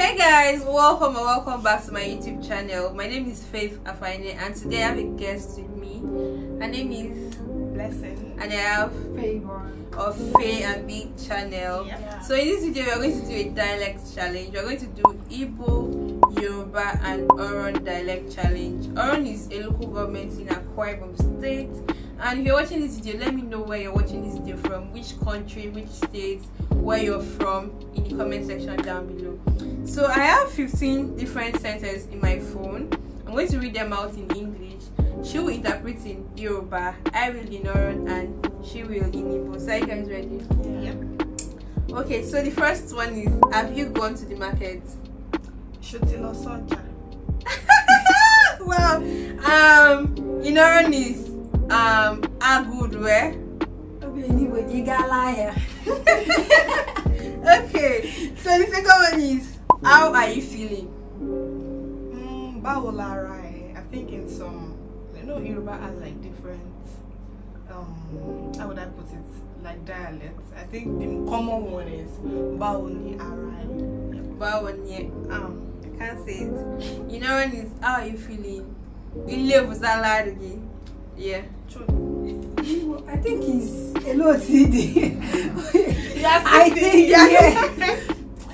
hey guys welcome and welcome back to my youtube channel my name is faith afine and today i have a guest with me her name is blessing and i have favor of faye and big channel yeah. so in this video we're going to do a dialect challenge we're going to do igbo yoruba and oron dialect challenge oron is a local government in akwa ibom state and if you're watching this video, let me know where you're watching this video from, which country, which state, where you're from in the comment section down below. So I have 15 different sentences in my phone. I'm going to read them out in English. She will interpret in Yoruba, I will in Oron, and she will in Igbo. So are you guys ready? Yeah. Okay, so the first one is Have you gone to the market? Shutilosoja. wow. Um, in Oron is um Agudwe. okay, so the second one is how are you feeling? Mm, I think in some, you know, Yoruba has like different, um, how would I put it, like dialects. I think the common one is Baoni Arai. Baoni, um, I can't say it. You know, when it's how are you feeling? You live with that again. Yeah, true. I think he's a lot TD. I think, yeah. yeah.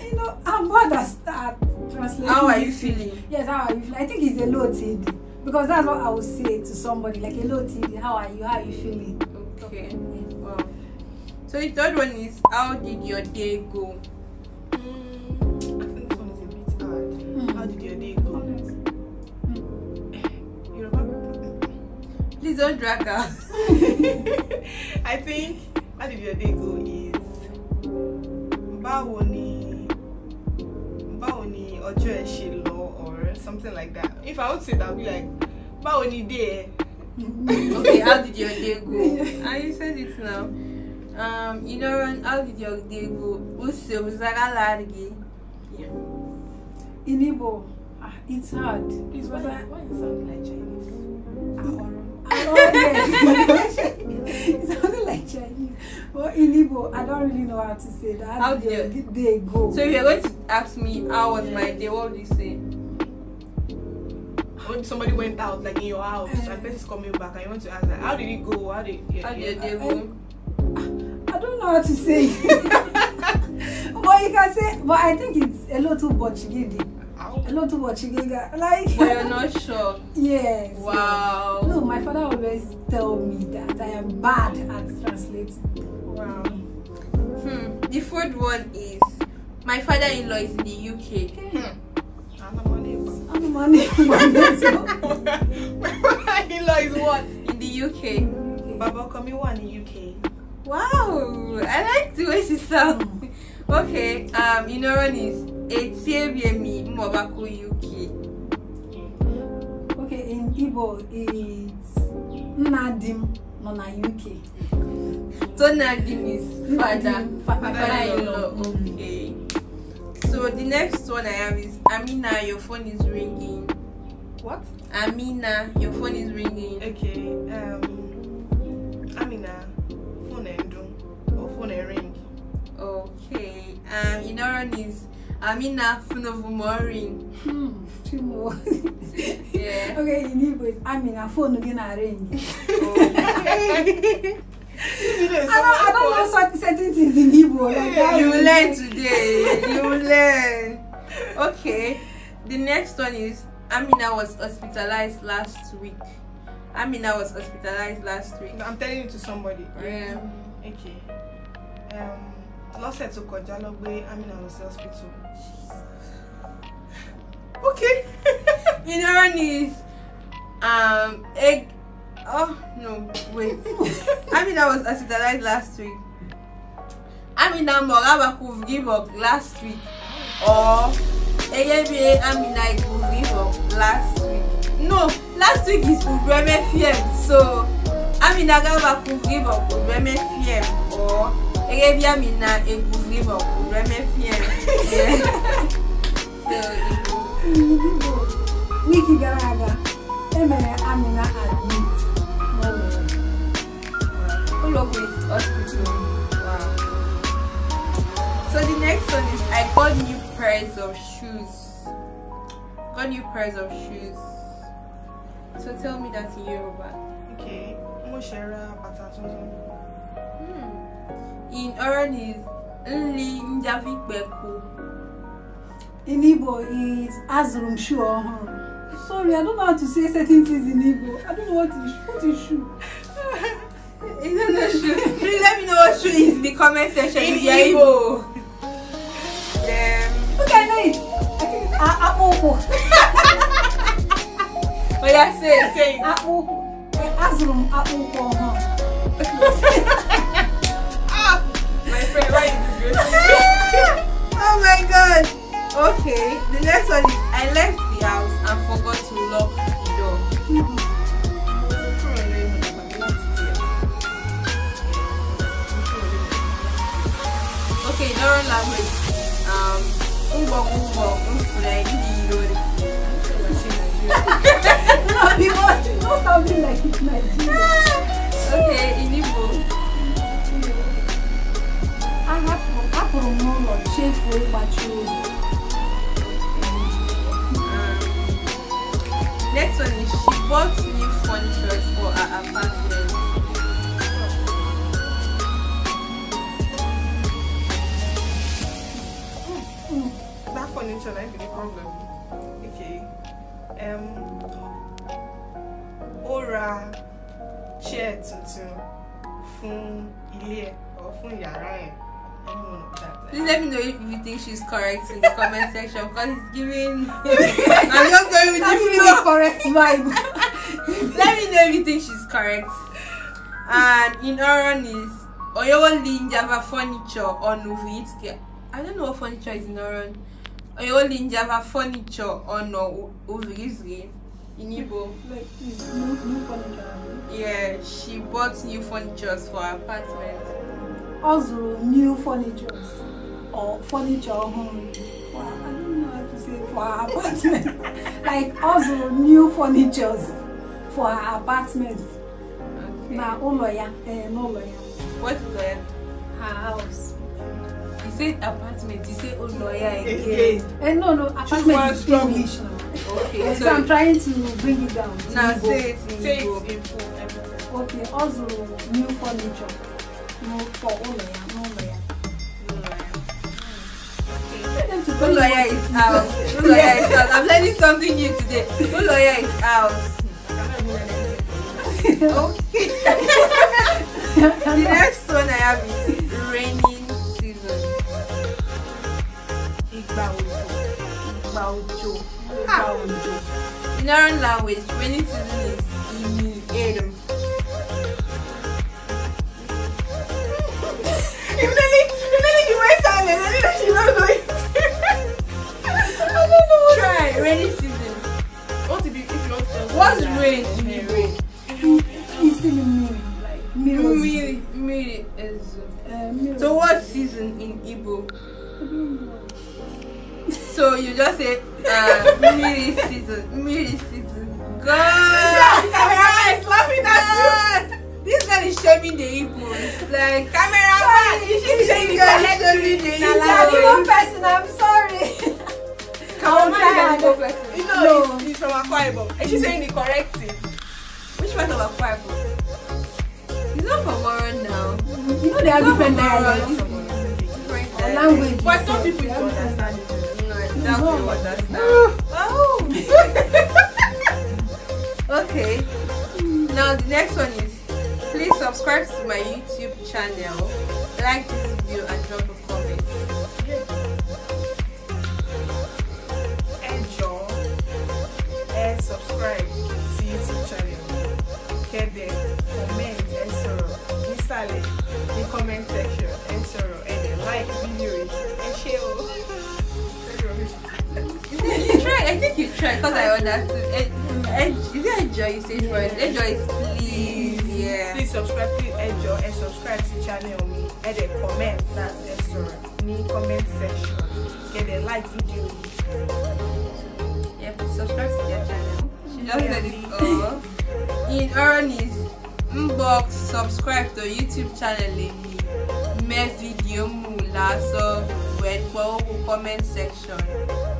you know, I'm bored to start uh, translating. How are you feeling? Yes, how are you feeling? I think he's a lot TD. Because that's what I would say to somebody, like, hello TD, how are you? How are you feeling? Okay, mm-hmm. wow. So the third one is, how did your day go? Please don't drag us. I think how did your day go is baoni baoni báwo ni ọjọ́ ẹ lọ or something like that. If I would say that, I'd be like baoni day Okay, how did your day go? And you said it now. Um, you Inoran, how did your day go? Use Uzara Largi. Yeah. Inibo. Igbo, ah, it's hard. Please, why, why you sound like Chinese? it sounded like Chinese. But in Igbo, I don't really know how to say that. How did your day go? So if you're going to ask me how was yes. my day, what would you say? When somebody went out, like in your house, uh, and person's coming back, and you want to ask, like, how did it go? How did, yeah, how did your day go? I don't know how to say it. but you can say, but I think it's a little of Portuguese. A little of Portuguese. Like, but you're not sure. Yes. Wow always tell me that I am bad at translating. Wow. Hmm. The fourth one is my father-in-law is in the UK. Hmm. I'm money. my father-in-law is what? In the UK. Baba Komi one in the UK. Wow, I like the way she sounds. Okay, um, Inoran is Etiebiemi Mwabaku UK. Okay, in Igbo it's nna nọ na uk So di m is father father-in-law okay so the next one i have is amina your phone is ringing what amina your phone is ringing okay um amina phone endung or phone ring okay um in orange is amina phone of morning hmm. three more. yeah. Okay, you need voice. I mean, a phone again arrange. Oh. I don't, I don't know certain, things in Igbo. Like that you learn today. you learn. Okay. The next one is Amina was hospitalized last week. Amina was hospitalized last week. No, I'm telling you to somebody, right? Yeah. Okay. Um, lọ́sẹ̀ tó kọjá lọ gbé Amina lọ sí hospital. one is um egg. Oh no, wait. I mean that was hospitalized last week. I mean that Morava could give up last week, or AMA I mean I could give up last week. No, last week is Ureme Fiem, so I mean Agava could give up Ureme Fiem, or AMA I mean I could give up Ureme Fiem. Yeah. so, wiki gara aga emere amina admit so the next one is i got new pairs of shoes got new pairs of shoes so tell me that in yoruba okay mo ṣe ra bàtà hmm. in orange is nli njavi Beku. in igbo is azụrụ m shoe ọhụrụ Sorry, I don't know how to say certain things in Igbo. I don't know what is what is shoe. Is that a shoe? Please let me know what shoe is in the comment section. In Igbo. Igbo. Um, okay, I know it. I think uh, apple. oh yeah, say say. Apple. Azrum apple My friend, why is this good? oh my god. Okay, the next one is I left lá, mas um, um pouco, Não, não chair tuntun fún ilé or fún yàrá Please let me know if you think she's correct in the comment section because it's giving. I'm just going with the flow. correct vibe. let me know if you think she's correct. And in Oron is Oyewole Njava furniture on Uvuitke. I don't know what furniture is in Oron. Oyewole Njava furniture on Uvuitke. In Igbo. Like, no, no furniture. Yeah, she bought new furniture for her apartment. Also, new furniture or furniture ọhụrụ. Well, I don't know how to say for her apartment. like also new furniture for her apartment. Okay. Na ụlọ ya, eh, n'ụlọ ya. What ụlọ ya? Her house. You said apartment, you say ụlọ lawyer again. Eh, no, no, apartment is strong. Okay. So, so I'm trying to bring it down. Now say it say it in full. Okay. Also, new furniture. No, for all of you. No, lawyer. Oloya is out. Oloya is out. I'm learning something new today. Oloya is out. okay. the next one I have is raining season. Igba Ojo. Igba Ojo. How? Ah. In our own language, we need to do this in Adam. if Nelly, if you I don't know what Try, rainy season. What if you, What's rain? Rain. He's me. ose mmiri uh, season mmiri season god camera is laughing at you this girl is shaming the Igbos like camera man you should say you are like shaming the Igbos na like one person i'm sorry come on go person you know no. he's, he's from Akwa Ibom and she's mm. saying the correct thing which part of Akwa Ibom he's not from Oro now you know they have different dialects language but some people home. Oh. home. okay. Now the next one is please subscribe to my YouTube channel, like this video and drop a comment. Enjoy and subscribe to YouTube channel. the comment and sorrow. Nisale, the comment section and sorrow and like video and share. try because I understood. Eh, eh, is it enjoy? You say enjoy is please. Yeah. Please subscribe. Please enjoy and eh, subscribe to channel me. And then comment. That's extra. Me comment section. Get a like video. Yeah, please subscribe to the channel. She just yeah. said it all. In earnest, inbox subscribe to YouTube channel. Me video mula so wait for comment section.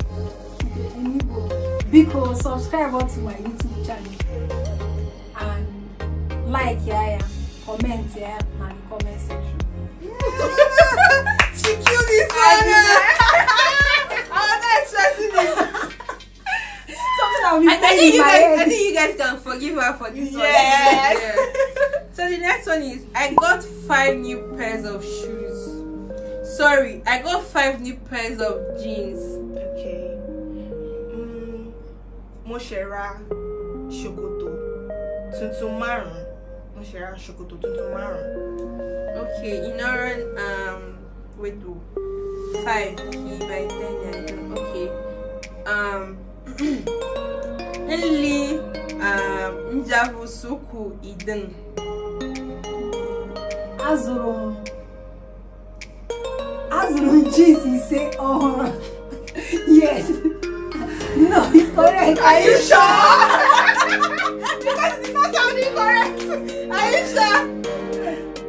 biko subscribe to my youtube channel and like yeah yeah comment yeah and comment section. she killed this one. I'm not stressing this. I, I think you guys, I think you guys can forgive her for this yes. one. Yes. So the next one is I got five new pairs of shoes. Sorry, I got five new pairs of jeans mo ṣe ra ṣòkòtò tuntun márùn mo ṣe ra ṣòkòtò tuntun márùn-ún. okay ìnáwó um, wait o five kì í by ten naira okay. Um, nli um, njavụsukwu idin azụrụ m azụrụ m jeans ise ọhụrụ yes No, it's correct. Are you sure? because it's not sounding correct. Are you sure?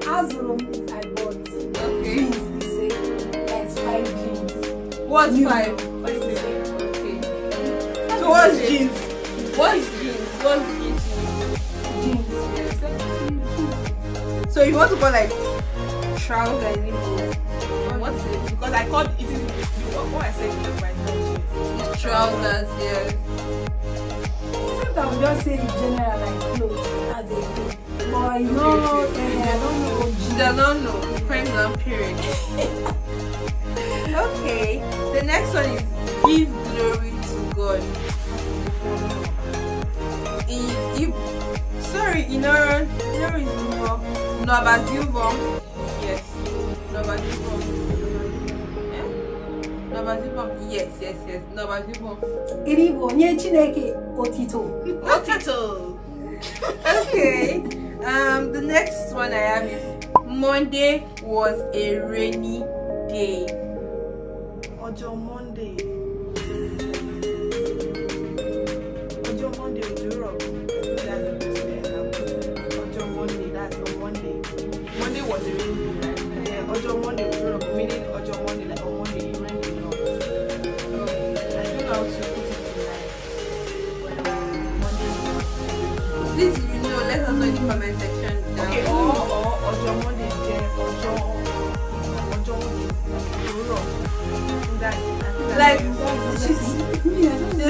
As long I bought. Okay. Beans, he said. That's five beans. What's you five? What is it? Okay. So what's jeans? What's jeans? What's jeans? Jeans. So you want to buy like trousers and you what's it? Because I called it is what I said in the right. His trousers, yeah. Sometimes we just say in general like clothes as a thing. But you know, eh, I don't know. She does not know. Pregnant period. okay. The next one is give glory to God. In, in, sorry, in our, there is no. No, but you bomb. Yes. No, but yes yes yes n'ọbazibom iribo nye chineke otito otito okay um the next one i have is monday was a rainy day ọjọ́ monday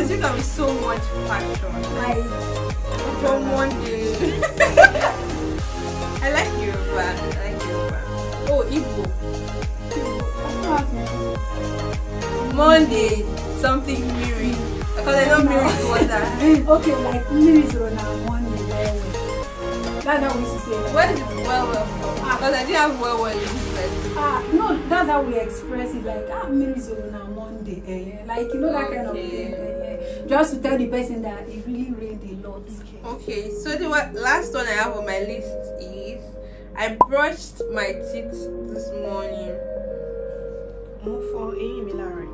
Because you can be so much fashion. do from one day. I like Yoruba. I like Yoruba. Oh, Igbo. Monday, something Miri. Because I know Miri is that. okay, like Miri is on our Monday. That's how we used to say. Like, Where is well well Ah. Because I didn't have well well Ah, no, that's how we express it. Like, ah, Miri is on our Monday the air. Like you know that okay. kind of thing. Just to tell the person that it really rained a lot. Okay. okay. So the last one I have on my list is I brushed my teeth this morning. Mo fọ eyín mi láàárọ̀.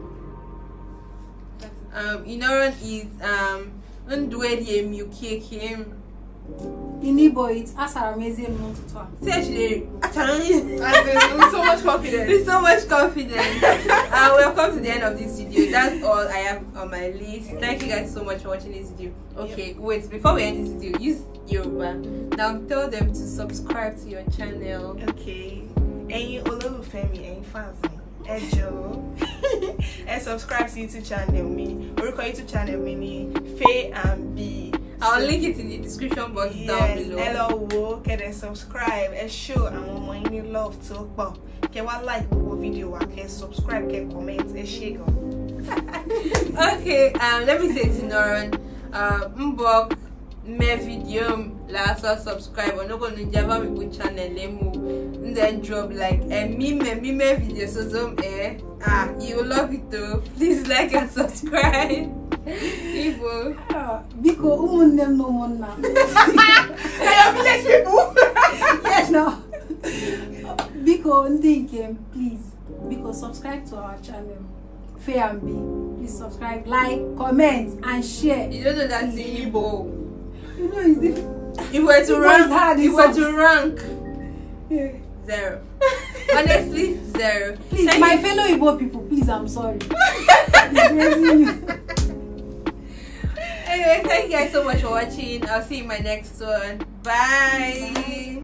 Um, Inoran is um ndwedie mukeke. amazing Igbo, to talk. Mnututu. Seriously, Asaramize. With so much confidence. so much confidence. now uh, we've come to the end of this video that's all i have on my list thank you guys so much for watching this video okay yep. wait before we end this video use yoruba now tell them to subscribe to your channel okay And olólùfẹ́ mi ẹ̀yin fans mi ẹ subscribe to youtube channel me. We call youtube channel me ni faye and B. I'll link it in the description box yes, down below. Hello, lọ wo subscribe ẹ show and ọmọ yín ní love to. pọ̀ kẹ wá like the video wa kẹ subscribe kẹ comment ẹ share. okay um, let me say to in Oron mbok uh, my video lasa subscribe onogo nijaba mi bu channel emu then drop like emi eh, me mi me video so some eh ah you love it too. please like and subscribe. Igbo. Ah, biko, no m na ụmụnna m. village people. yes, no. Biko, thinking, please. Biko, subscribe to our channel. Fair and be. Please subscribe, like, comment, and share. You don't know that's in You know it's different. If we're to rank, if we're to rank, zero. Honestly, zero. Please, Thank my you. fellow Igbo people, please, I'm sorry. anyway, thank you guys so much for watching. I'll see you in my next one. Bye. Bye.